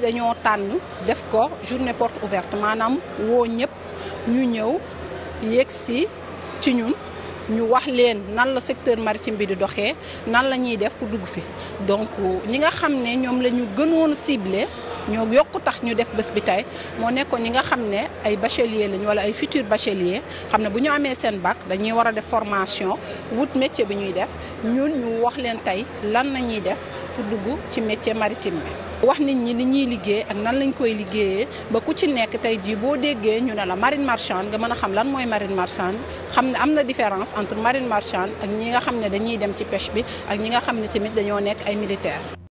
dañoo tànn def ko journée porte ouverte maanaam woo ñëpp ñu ñëw yegg si ci ñun ñu wax leen nan la secteur maritime bi di doxee nan la ñuy def ku dugg fi donc ñi nga xam ne ñoom la ñu gënoon ciblé ñoo yokk tax ñu def bés bi tey moo nekkoon ñi nga xam ne ay bachelier lañu wala ay futur bachelier xam ne bu ñu amee seen bac dañuy war a def formation wut métier bi ñuy def ñun ñu wax leen tey lan la ñuy def pour dugg ci métier maritime bi wax nit ñi li ñuy liggéey ak nan lañ koy liggéeyee ba ku ci nekk tey jii boo déggee ñu ne la marine marchande nga mën a xam lan mooy marine marchande xam ne am na différence entre marine marchande ak ñi nga xam ne dañuy dem ci pêche bi ak ñi nga xam ne tamit dañoo nekk ay militaire